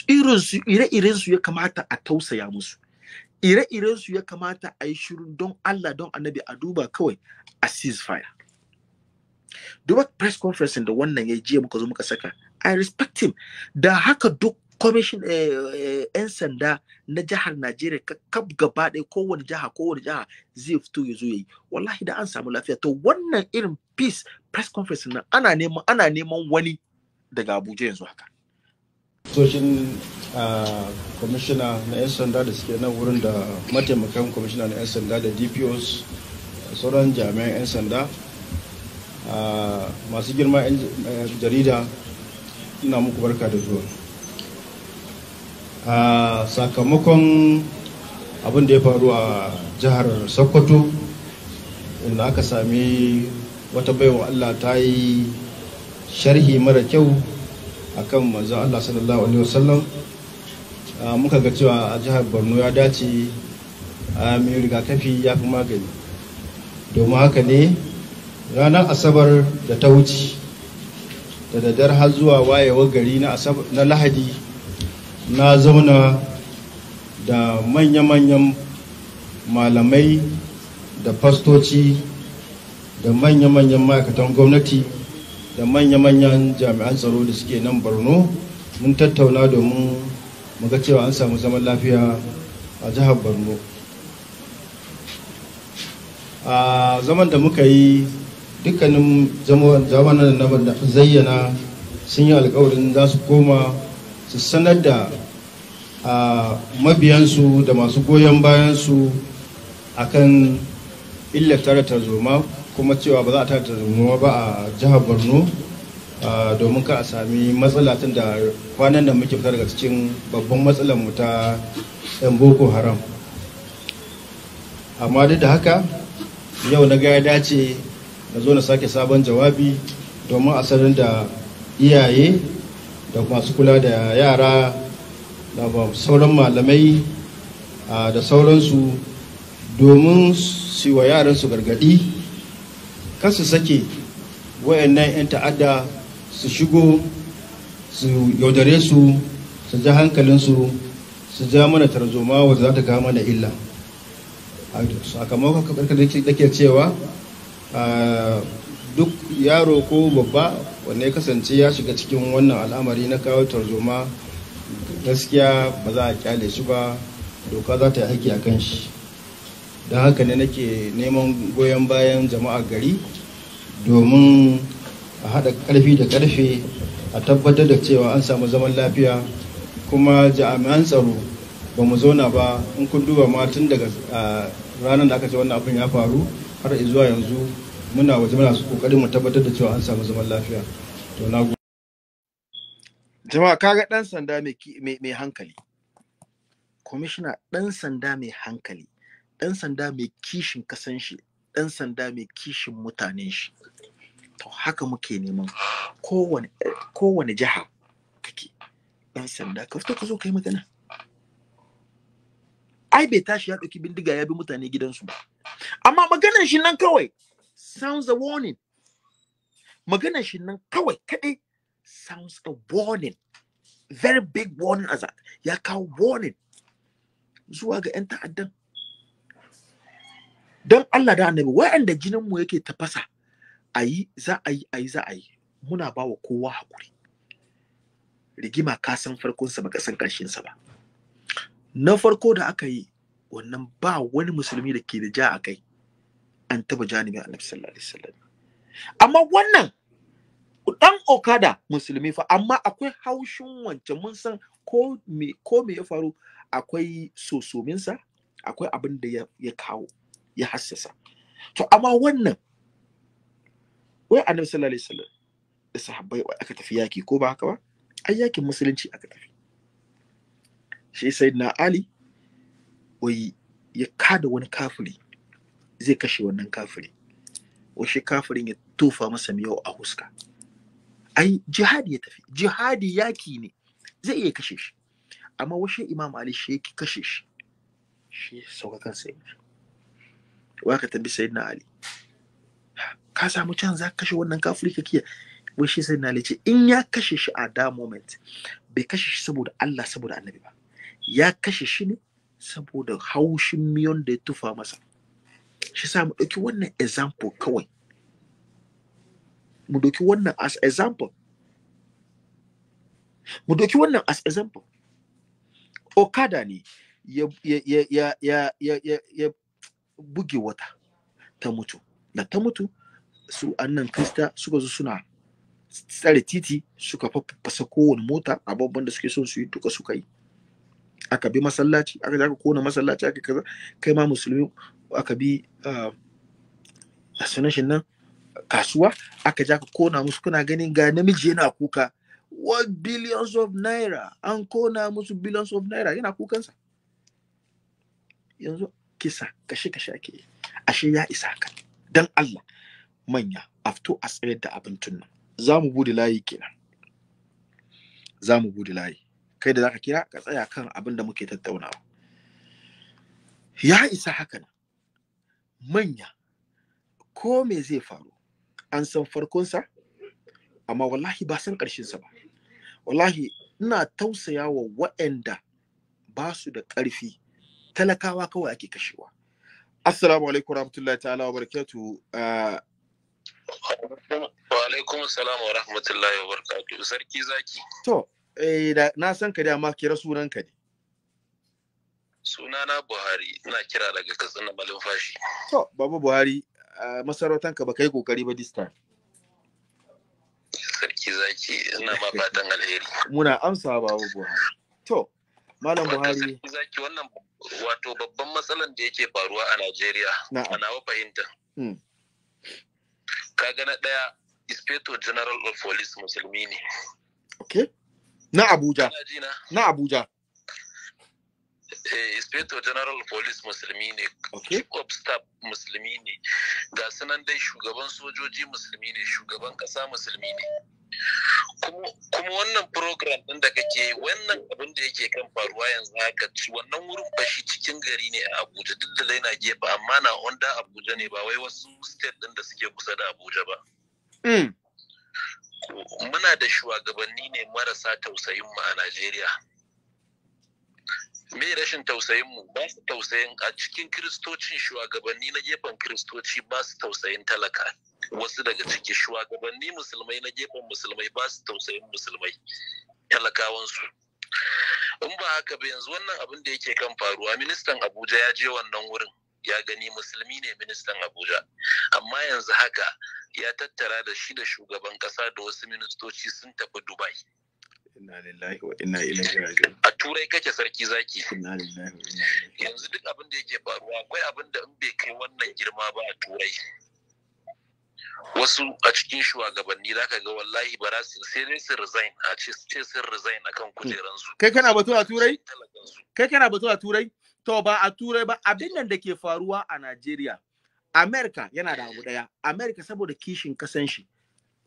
irinsu su ire ya kamata a tausaya musu ire-iren ya kamata a yi shiru don Allah don Annabi a duba kawai a ceasefire duba press conference da wannan ya jiya muka zo muka saka I respect him da haka duk commission eh, eh, yan sanda na jihar Najeriya kab gaba ɗaya kowane jiha kowane jiha zai fito ya zo yayi wallahi da an samu lafiya to wannan irin peace press conference nan ana ana neman wani daga Abuja yanzu haka Soshin kwamishina na 'yan sanda da suke nan wurin da mataimakan kwamishina na 'yan sanda da dpos sauran jami'an 'yan sanda masu girma eh, jarida ina muku barka da zuwa sakamakon abin da ya faru a jihar sokoto inda aka sami wata baiwa allah ta yi sharhi mara kyau akan manzon Allah sallallahu alaihi wasallam ah, muka ga cewa a jihar Borno ya dace a mai rigakafi ya fi magani domin haka ne ranar asabar da ta wuce da daddar har zuwa wayewar gari na lahadi na zauna da manya-manyan malamai da fastoci da manya-manyan ma'aikatan gwamnati da manya-manyan jami'an tsaro da suke nan borno mun tattauna domin mu ga cewa an samu zaman lafiya a jihar borno a zaman da muka yi dukkanin zamanin da zayyana sun yi alkawarin za su koma su sanar da mabiyansu da masu goyon bayansu akan illar tara tarzoma kuma cewa ba za a tada rumuwa ba a jihar borno domin ka a sami matsala tun da kwanan da muke fita daga cikin babban matsalar mu ta 'yan boko haram amma duk da haka yau na ga ya dace na zo na sake sabon jawabi domin a sanar da iyaye da masu kula da yara da sauran malamai da sauransu domin su wa su gargadi kar su sake wayannan 'yan ta'adda su shigo su yaudare su su ja hankalinsu su ja mana tarzoma wadda za ta kawo mana illa sakamakon karkar da ke cewa duk yaro ko babba wanne ya kasance ya shiga cikin wannan al'amari na kawo tarzoma gaskiya ba za a kyale shi ba doka za ta yi haƙƙi a kan shi don haka ne nake neman goyon bayan jama'a gari domin a haɗa ƙarfi da ƙarfe a tabbatar da cewa an samu zaman lafiya kuma jami'an tsaro ba mu zauna ba in kun duba ma tun daga ranar da aka ce wannan abin ya faru har zuwa yanzu muna waje muna su kokarin mu tabbatar da cewa an samu zaman lafiya to na jama'a kaga dan sanda mai hankali commissioner dan sanda mai hankali ɗan sanda mai kishin kasan shi ɗan sanda mai kishin mutanen shi to haka muke neman kowane jiha kake ɗan sanda ka fito ka zo kai magana ai bai tashi ya ɗauki bindiga ya bi mutane gidansu ba amma maganar shi nan kawai sounds a warning maganar shi nan kawai kaɗai sounds a warning very big warning as ya kawo warning zuwa ga 'yan ta'addan don Allah da annabi wa'anda jinin mu yake tafasa ayi za a yi ayi za a yi muna ba wa kowa hakuri rigima ka san farkon sa baka san karshen sa ba na farko da aka yi wannan ba wani musulmi da ke da ja a kai an taba janibi annabi sallallahu alaihi wasallam amma wannan dan okada musulmi fa amma akwai haushin wancan mun san ko me ko me ya faru akwai sosominsa akwai abin da ya kawo ya hassasa to amma wannan wai annabi sallallahu alaihi wasallam da sahabbai aka tafi yaki ko ba haka ba ai yakin musulunci aka tafi shi sayyidina ali wai ya kada wani kafiri zai kashe wannan kafiri Wai shi kafirin ya tofa masa miyau a huska ai jihadi ya tafi jihadi yaki ne zai iya kashe shi amma washe imam ali shi yake kashe shi shi sauka kansa ya wa ka tabbi na ali ka samu can za ka kashe wannan kafiri ka kiya wai shi sai na ali ce in ya kashe shi a da moment bai kashe shi saboda Allah saboda annabi ba ya kashe shi ne saboda haushin miyon da ya tufa masa shi sa mu ɗauki wannan example kawai mu ɗauki wannan as example mu ɗauki wannan as example okada ne ya ya ya ya ya ya buge wata ta mutu da ta mutu su annan krista suka zo suna tsare titi suka fafasa kowane mota abubuwan da suke son su yi duka suka yi aka bi masallaci aka aka kona masallaci aka kaza kai ma musulmi aka bi ah, sunashin nan kasuwa aka ja ka kona musu kuna ganin ga namiji yana kuka what billions of naira an kona musu billions of naira yana kukansa yanzu kisa kashe kashe ake yi ashe ya isa ka dan Allah manya afto a tsayar da abin tunna za mu bude layi kenan za mu bude layi kai da zaka kira ka tsaya kan abin da muke tattaunawa ya isa haka manya ko me zai faru an san farkonsa amma wallahi ba san ƙarshensa ba wallahi ina tausaya wa waɗanda ba su da ƙarfi talakawa kawai ake kashewa assalamu alaikum rahmatullahi ta'ala wa barakatu ah, wa alaikum salam wa rahmatullahi wa barakatu sarki zaki to eh, na san ka ma kira sunan ka ne sunana buhari ina kira daga katsina malumfashi to babu buhari ah, masarautan ka ba kai kokari ba dista sarki zaki ina ma fatan alheri muna amsa babu buhari to malam buhari zaki wannan wato babban matsalan da yake faruwa a Najeriya a nawa fahimta. Hmm. Ka gana ɗaya Inspector General of Police musulmi ne. Okay. Na Abuja. Na Abuja. Eh, Inspector General Police musulmi ne. Okay. Chief of Staff musulmi ne. Ga sunan dai shugaban sojoji musulmi ne, shugaban kasa musulmi ne. kuma wannan program ɗin da kake wannan abin da yake kan faruwa yanzu haka wannan wurin ba shi cikin gari ne a abuja duk da zai na gefe amma na wanda abuja ne ba wai wasu state ɗin da suke kusa da abuja ba mm. muna da shugabanni ne marasa tausayin mu a najeriya me rashin tausayin mu ba su tausayin a cikin kiristocin shugabanni na gefen kiristoci ba su tausayin talaka wasu daga ciki shugabanni musulmai na gefen musulmai ba su tausayin musulmai talakawansu in ba haka ba yanzu wannan abin da yake kan faruwa ministan abuja ya je wannan wurin ya gani musulmi ne ministan abuja amma yanzu haka ya tattara da shi da shugaban kasa da wasu ministoci sun tafi dubai Inna A turai kake sarki zaki. Yanzu duk abin da yake faruwa akwai abin da in bai kai wannan girma ba a turai. Wasu a cikin shugabanni za ka ga wallahi ba su sai dai su resign a ce sun resign akan hmm. kujeransu. Kai kana batu a turai? Kai kana batu a turai? To ba a turai ba abin nan da ke faruwa a Najeriya. Amerika yana da abu daya. Amerika saboda kishin kasan shi.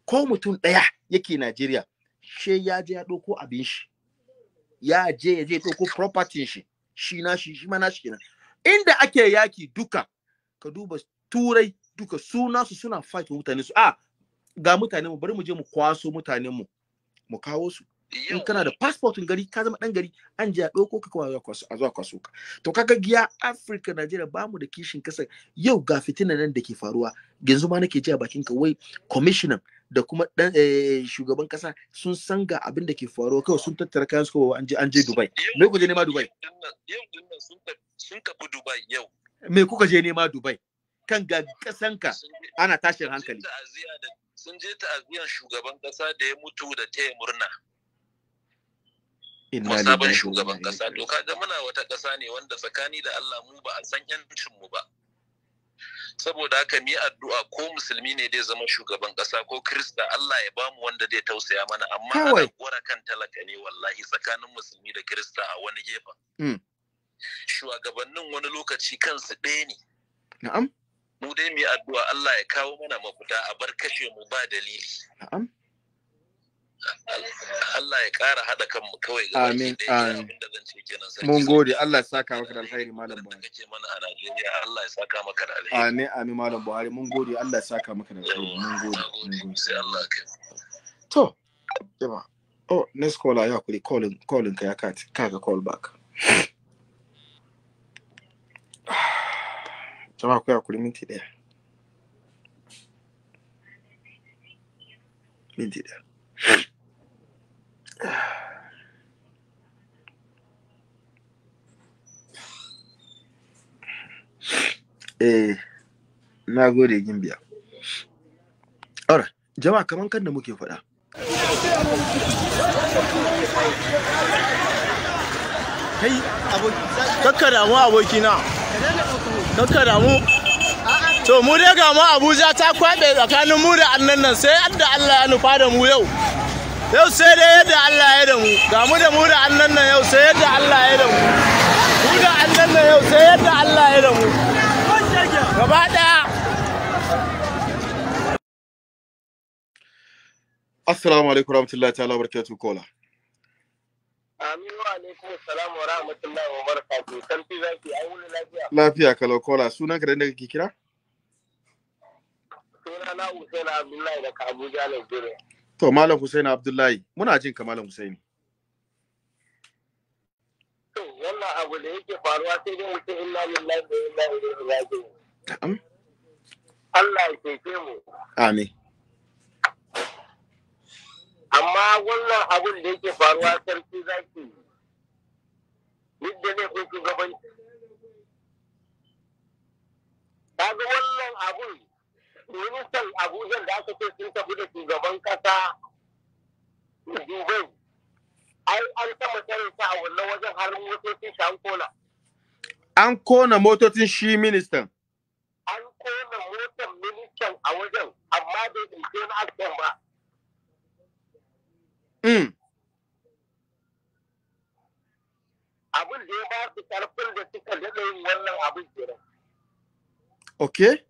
Ko mutum daya yake Najeriya. she ya je ya ɗauko abin shi ya je ya je ɗauko property shi shi na shi shi mana shi kenan inda ake yaki duka ka duba turai duka suna su suna fight mutane su ah ga mutane mu bari mu je mu kwaso mutane mu mu kawo su in kana da passportin gari ka zama dan gari an ji a ɗauko ka kawo a zuwa kwaso ka to kaga giya afirka najeriya ba mu da kishin kasa yau ga fitina nan da ke faruwa yanzu ma nake ji a bakin ka wai commissioner da kuma dan eh, shugaban kasa sun san ga abin da ke faruwa kawai sun tattara kayan su an je an je Dubai me kuka je nema Dubai sun tafi Dubai yau me kuka je nema Dubai kan ga kasanka ana tashin hankali sun je ta'aziyar shugaban kasa da ya mutu da ta murna kuma sabon shugaban kasa to kaga muna wata kasa ne wanda tsakani da Allah mu ba a san yancin mu ba saboda haka mi addu'a ko musulmi ne zai zama shugaban kasa ko krista Allah ya bamu wanda zai tausaya mana amma ana gora kan talaka ne wallahi tsakanin musulmi da krista a wani gefen mm. shugabannin wani lokaci kansu ɗaya ne mu dai mi addu'a Allah ya kawo mana mafuta a bar kashe mu ba dalili Allah ya ƙara haɗa kanmu kawai ga Amin. Amin. Mun gode Allah ya saka maka da alheri Malam Buhari. kace mana a Allah ya saka maka da alheri. Amin amin Malam Buhari mun gode Allah ya saka maka da alheri mun gode. mun gode sai Allah To jama oh next caller ya kuri calling calling ka ya ka ka call back. *sighs* Jama ku ya kuri minti ɗaya. Minti ɗaya. *sighs* eh na gode gimbiya alright jama'a kamar kan da muke faɗa kai kakka damu aboki na kakka damu to mu dai ga mu abuja ta kwaɓe tsakanin mu da annan nan sai yadda allah ya nufa da mu yau yau sai dai yadda Allah ya da mu ga mu da mu da annan nan yau sai yadda Allah ya da mu mu da annan nan yau sai yadda Allah ya da mu gaba daya Assalamu alaikum warahmatullahi ta'ala barakatuh kola Amin wa alaikum assalam wa rahmatullahi wa barakatuh tanti zaki ai wani lafiya Lafiya kalau kola sunan ka da inda kake kira Sunana Usaina Abdullahi daga Abuja Nigeria To Malam Hussein Abdullahi muna jin ka Malam Hussein. To wannan abu da yake faruwa sai dai mutum inna lillahi wa inna ilaihi raji'un. yi Allah ya keke mu. Amin. Amma wannan abun da yake faruwa sarki zaki Yadda da ne kun shugabanci. ga wannan abun ministan abuja da aka ce sun tafi da shugaban kasa dubai ai an taɓa tarin sa a wannan wajen har motocin shi an kona an kona motocin shi ministan an kona motar ministan a wajen amma bai ɗauke na action ba mm. abin da ya ba su karfin da suka daɗe wannan abin kenan okay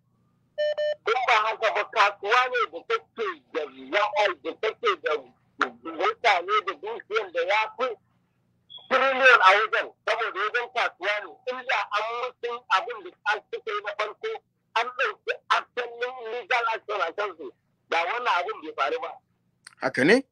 in ba haka ba kasuwa ne da take da ya'ai da take da mutane da dukiyar da ya fi tiriliyon a wajen saboda wajen kasuwa ne inda an mutu abin da an suka yi na farko an ɗauki asalin legal action a kansu da wannan abin bai faru ba. Haka ne?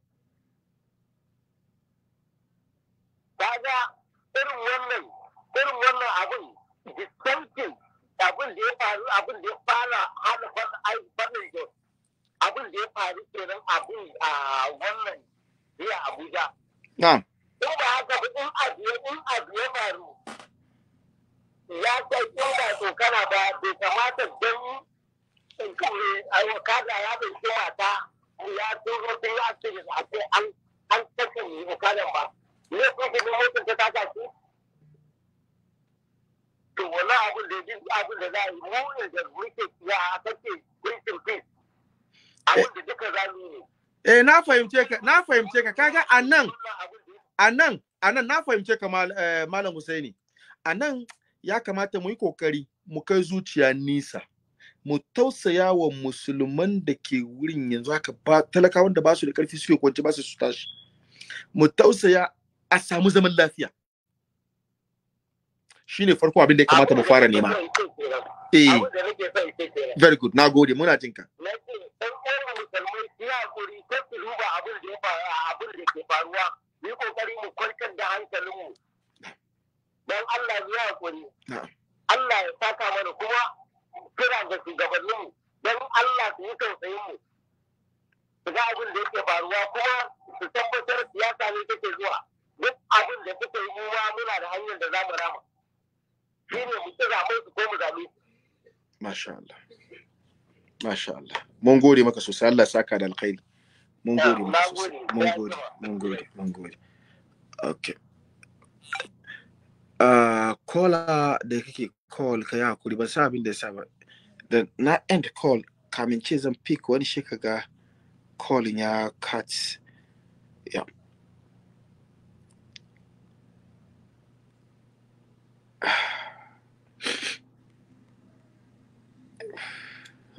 fahimce ka na fahimce ka kaga anan anan anan na fahimce ka eh, malam Husaini anan ya kamata mu yi kokari mu kai zuciya nisa mu tausaya wa musulman da ke wurin yanzu haka ba talakawan da ba su da karfi suke kwance ba su su tashi mu tausaya a samu zaman lafiya shine farko abin da ya kamata mu fara nema eh very good na gode muna jinka da hanyar da za mu rama shi ne mu ci zaɓen su ko mu zaɓe masha Allah masha Allah mun gode maka sosai Allah saka da alkhairi mun gode maka sosai mun gode mun gode mun gode okay uh, ah, kola da kake call ka ya hakuri ban sa abin da ya sa ba da na end call kamin ce zan pick wani shi kaga calling ya cut ya yeah *sighs*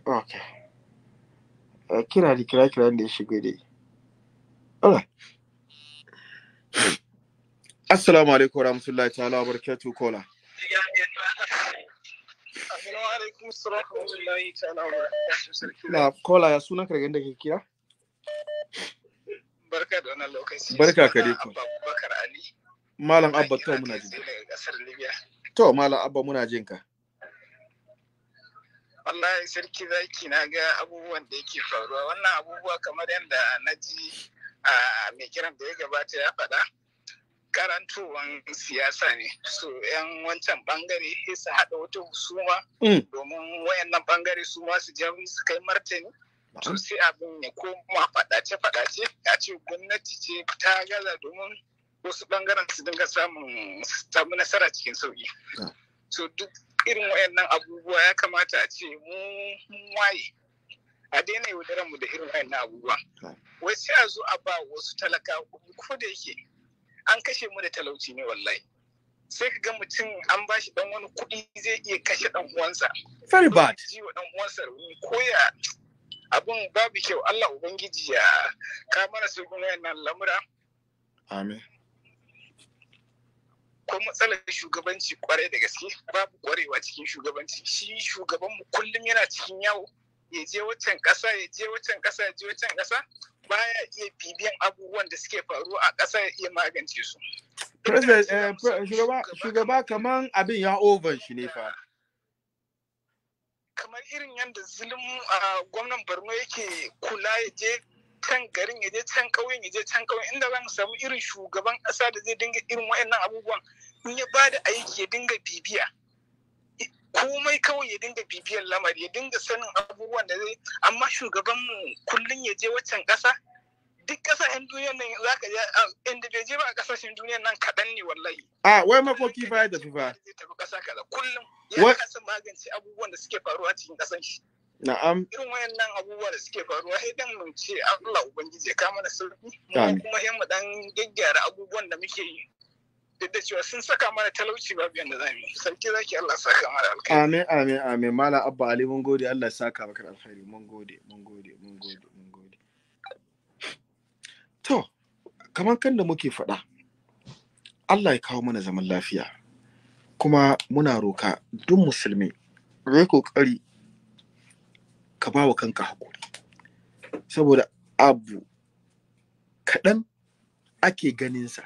okay eh, kira a kira kiran da ya shigo dai assalamu alaikum rahmatullahi ta'ala wa barakatuh kola na kola ya suna kargan da ke kira barka da wannan lokaci barka ku malam abba to muna jin libya to Mala abba muna jin wallahi sarki zaki na ga abubuwan da yake faruwa wannan abubuwa kamar yadda na ji a mai kiran da ya gabata ya faɗa karantowan siyasa ne so yan wancan bangare su haɗa wata husuma mm. domin wayannan bangare su masu su su kai martani to sai abin ya koma faɗace faɗace a ce gwamnati ce ta gaza domin wasu bangaren su dinga samun samu nasara cikin sauki ah. so duk irin wayannan abubuwa ya kamata a ce mu waye a daina yaudaran mu da irin wayannan abubuwa ah. wai sai a zo a ba wasu talaka ko da yake an kashe mu da talauci ne wallahi sai ka ga mutum an ba shi dan wani kuɗi zai iya kashe dan uwansa very bad ji wa dan uwansa rauni ko ya abun babu kyau Allah ubangiji ya ka mana sauƙin wayannan lamura amen akwai matsalar shugabanci kwarai da gaske babu kwarewa cikin shugabanci shi shugabanmu kullum yana cikin yawo ya je waccan ƙasa ya je waccan ƙasa ya je waccan ƙasa baya iya bibiyan abubuwan da suke faruwa a ƙasa ya iya magance su. Eh, shugaba kaman abin ya over shi ne fa. Kamar irin yadda zulum a ah, gwamnan Borno yake kula ya je can garin ya je can ƙauyen ya je can ƙauyen inda zan samu irin shugaban ƙasa da zai dinga irin waɗannan abubuwan in ya ba da aiki ya dinga bibiya komai kawai ya dinga bibiyar lamari ya dinga sanin abubuwan da zai amma shugaban mu kullum ya je waccan ƙasa duk yan duniyar nan za ka inda bai je ba a ƙasashen duniya nan kaɗan ne wallahi. a wai makoki baya da ba. tafi kullum ya kasa magance abubuwan da suke faruwa cikin shi Na'am. Irin wayannan abubuwa da suke faruwa sai dan mun ce Allah ubangiji ya kama da sauki. Mu kuma sai mu dan gyaggyara abubuwan da muke yi. Duk da cewa sun saka mana talauci babu yanda zamu yi. Sarki zaki Allah saka mana alkhairi. Amin amin amin. Mala Abba Ali mun gode Allah ya saka maka alkhairi. Mun gode mun gode mun gode mun gode. To kamar kan da muke faɗa Allah ya kawo mana zaman lafiya kuma muna roka duk musulmi Rai kokari ka ba wa kanka hakuri saboda abu kaɗan ake ganinsa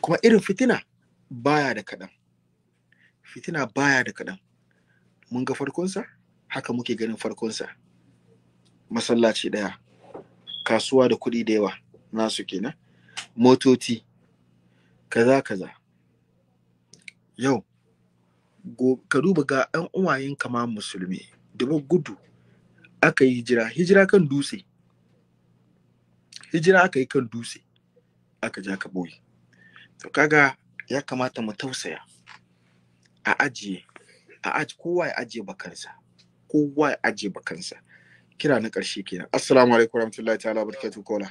kuma irin fitina baya da kaɗan fitina baya da kaɗan mun ga farkonsa haka muke ganin farkonsa masallaci ɗaya kasuwa da kuɗi da yawa nasu kenan motoci kaza kaza yau ka duba ga 'yan uwayen kama musulmi duba gudu aka yi hijira hijira kan dutse hijira aka yi kan dutse aka ja ka boye to kaga ya kamata mu tausaya a ajiye a aji kowa ya ajiye bakansa kowa ya ajiye bakansa kira na ƙarshe kenan assalamu alaikum warahmatullahi ta'ala barkatu kola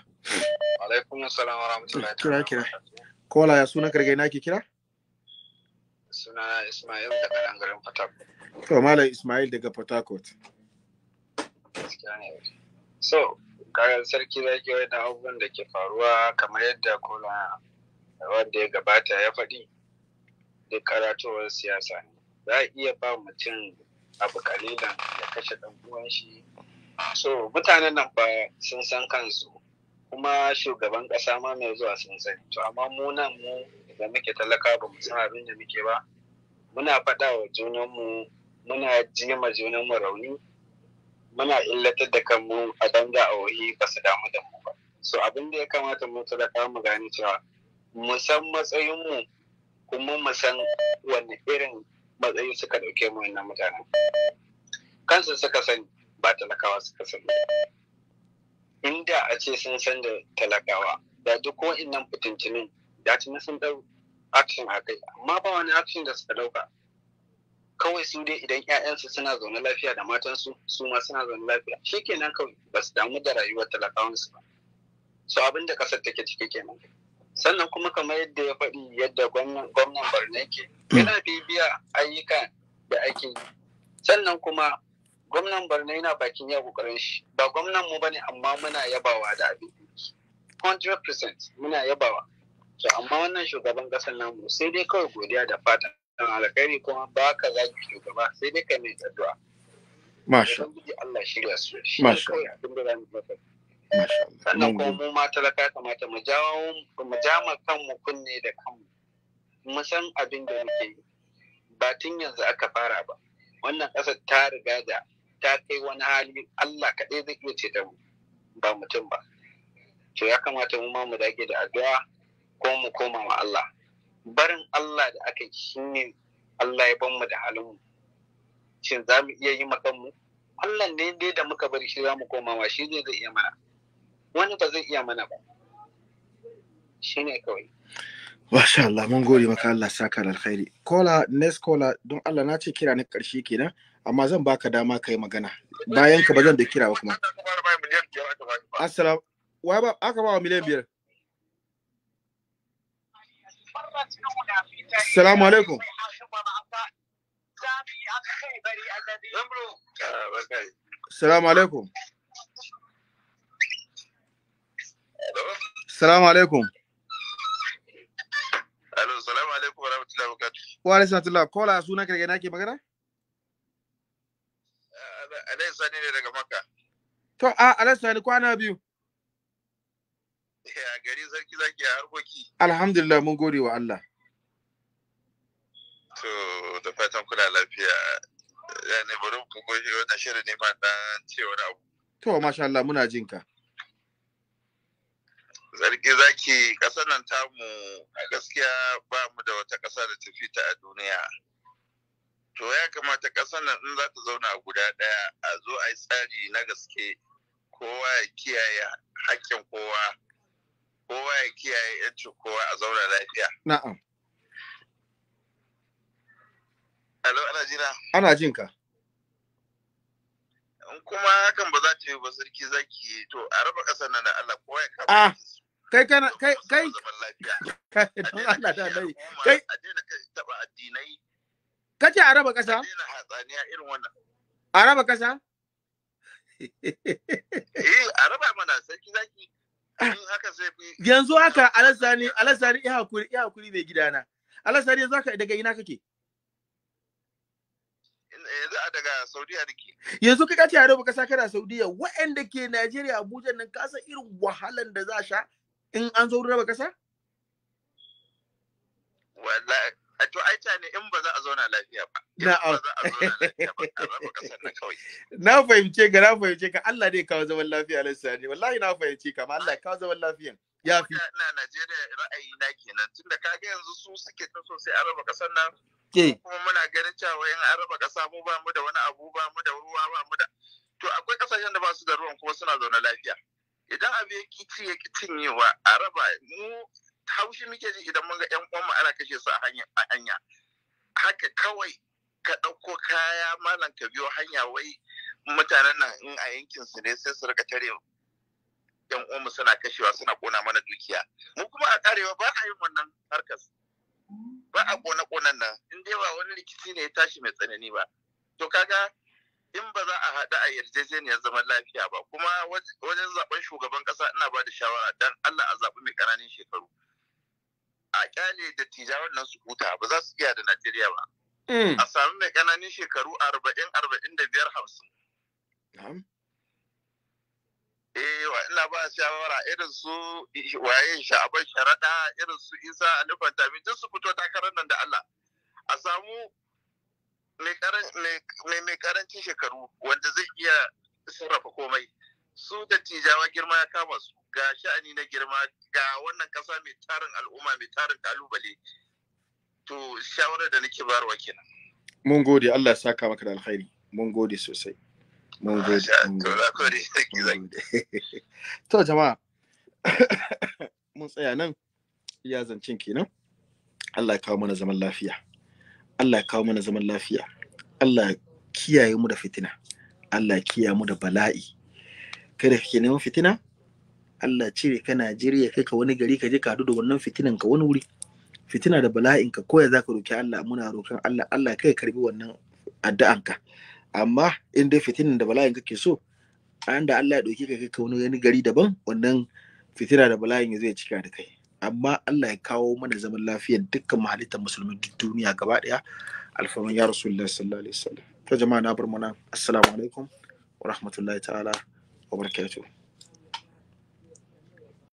alaikum assalam warahmatullahi ta'ala kira kira kola ya suna kargai naki kira suna ismail daga nan garin fatakot to malam ismail daga fatakot gaskiya ne so kayan sarki zaki wai na abubuwan da ke faruwa kamar yadda kola wanda ya gabata ya faɗi da karatowar siyasa ne za a iya ba mutum abu kalilan ya kashe ɗan shi so mutanen nan ba sun san kansu kuma shugaban ƙasa ma mai zuwa sun sani to amma mu nan mu da muke talaka ba mu san abin da muke ba muna faɗa wa junanmu muna jima junanmu rauni muna illatar da kanmu a a wahi ba su damu da mu ba so abin da ya kamata mu talaka mu gane cewa mu san matsayinmu kuma mu san wani irin matsayi suka dauke mu wannan mutanen kansu suka sani ba talakawa suka sani inda a ce sun san da talakawa da duk wa'innan fitintinin da ci sun dau action a kai amma ba wani action da suka ɗauka. kawai su dai idan 'ya'yansu suna zaune lafiya da matansu su ma suna zaune lafiya shi kenan kawai ba su damu da rayuwar talakawansu ba su abin da kasar take ciki kenan sannan kuma kamar yadda ya faɗi yadda gwamnan barna yake yana bibiya ayyuka da ake yi sannan kuma gwamnan barna yana bakin yau ƙoƙarin shi ba gwamnan mu bane amma muna yabawa da abin 100% muna yabawa to amma wannan shugaban ƙasar namu sai dai kawai godiya da fatan. alkhairi kuma ba ka zaki shugaba sai dai ka mai addu'a masha Allah shirya su masha sannan kuma mu ma talaka kamata mu jawo mu jama kanmu kunne da kanmu mu san abin da muke yi ba tun yanzu aka fara ba wannan ƙasar ta riga da ta kai wani hali Allah kaɗai zai iya ce mu ba mutum ba to ya kamata mu ma mu dage da addu'a ko mu koma wa Allah barin Allah da aka yi shi ne Allah ya ban mu da halin mu shin za mu iya yi makan mu Allah ne dai da muka bari shi za mu koma wa shi zai iya mana wani ba zai iya mana ba Shi ne kawai Masha Allah mun gode maka Allah saka alkhairi kola next kola don Allah na ce kira ni karshe kenan amma zan baka dama kai magana bayan ka ba zan da kira ba kuma assalamu wa ba aka ba wa miliyan biyar السلام عليكم السلام عليكم السلام عليكم الو السلام عليكم ورحمه الله وبركاته وعليكم السلام الله كولا سونك daga nake magana alai sani ne daga makka to a alai sani kwana biyu Ya gari sarki zaki a harkoki. Alhamdulillah mun gode wa Allah. To da fatan kuna lafiya. Ya ne bari ku goyi wannan shiri ne ma dan cewa abu. To masha Allah muna jin ka. Sarki zaki kasar nan tamu a gaskiya ba mu da wata ƙasa da ta fita a duniya. To ya kamata ƙasar nan in za ta zauna a guda ɗaya a zo a yi tsari na gaske kowa ya kiyaye haƙƙin kowa. kowa ya kiyaye yancin kowa a zauna lafiya na'am Alo, ana jina? Ana jin ka. In kuma hakan ba za ta yi ba sarki zaki to a raba ƙasar nan da Allah kowa ya kama. Ah, kai kana kai kai *laughs* kai don Allah da dai kai a daina taba addinai kace a raba ƙasa a daina hatsaniya irin wannan a raba ƙasa *laughs* eh a raba mana sarki zaki yanzu haka alasani alasani ya hakuri ya hakuri mai gidana alasani yanzu haka daga ina kake yanzu a daga saudiya nake yanzu ka kace yaro baka sa kana saudiya wa'anda ke najeriya abuja nan ka san irin wahalan da za sha in an zo raba kasa wallahi A to ai ta ne in ba za a zauna lafiya ba kasar na fahimce ka na fahimce ka Allah ne kawo zaman lafiya lissani wallahi na fahimce ka ma Allah kawo zaman lafiya ya fi na Najeriya ra'ayi na kenan tunda kaga yanzu su suke ta sosai a raba kasar nan kuma muna ganin cewa in an raba kasa mu ba mu da wani abu ba mu da ruwa ba mu da to akwai kasashen da ba su da ruwan kuma suna zaune lafiya idan abu ya ci ya wa a raba mu haushi muke ji idan mun ga yan uwanmu ana kashe su a hanya haka kawai ka ɗauko kaya malam ka biyo hanya wai mutanen nan in a yankin su ne sai su rika tare yan uwanmu suna kashewa suna kona mana dukiya mu kuma a karewa ba a yin wannan harkar ba a kona konan nan in dai ba wani rikici ne ya tashi mai tsanani ba to kaga in ba za a haɗu a yarjejeniyar zaman lafiya ba kuma wajen zaɓen shugaban ƙasa ina ba da shawara don Allah a zaɓi mai ƙananan shekaru a kyale da tijawar nan su huta ba za su iya da Najeriya ba. Mm. A sami mai kananin shekaru arba'in arba'in da biyar hamsin. Eh wa ina ba shawara irin su waye sha'aban sharaɗa irin su isa alifan tabi duk su fito takarar nan da Allah. A samu mai karancin shekaru wanda zai iya sarrafa komai. Su da tijawa girma ya kama su ga sha'ani na girma ga wannan kasa mai tarin al'umma mai tarin kalubale to shawarar da nake barwa kenan mun gode Allah ya saka maka da alkhairi mun gode sosai mun gode to jama'a *coughs* mun tsaya nan iya zancen kenan Allah ya kawo mana zaman lafiya Allah ya kawo mana zaman lafiya Allah ya kiyaye mu da fitina Allah ya kiyaye mu da bala'i kada kake neman fitina Allah cire ka Najeriya kai ka wani gari ka je ka hadu da wannan fitinan ka wani wuri fitina da bala'in ka koya zaka roki Allah muna rokan Allah Allah kai karbi wannan addu'an ka amma in dai fitinan da bala'in kake so an da Allah ya doke ka kai ka wani gari daban wannan fitina da bala'in ya zai cika da kai amma Allah ya kawo mana zaman lafiya dukkan mahalittar musulmin duk duniya gaba daya alfaman ya rasulullahi sallallahu alaihi wasallam Ta jama'a na bar mana assalamu alaikum wa rahmatullahi ta'ala wa barakatuh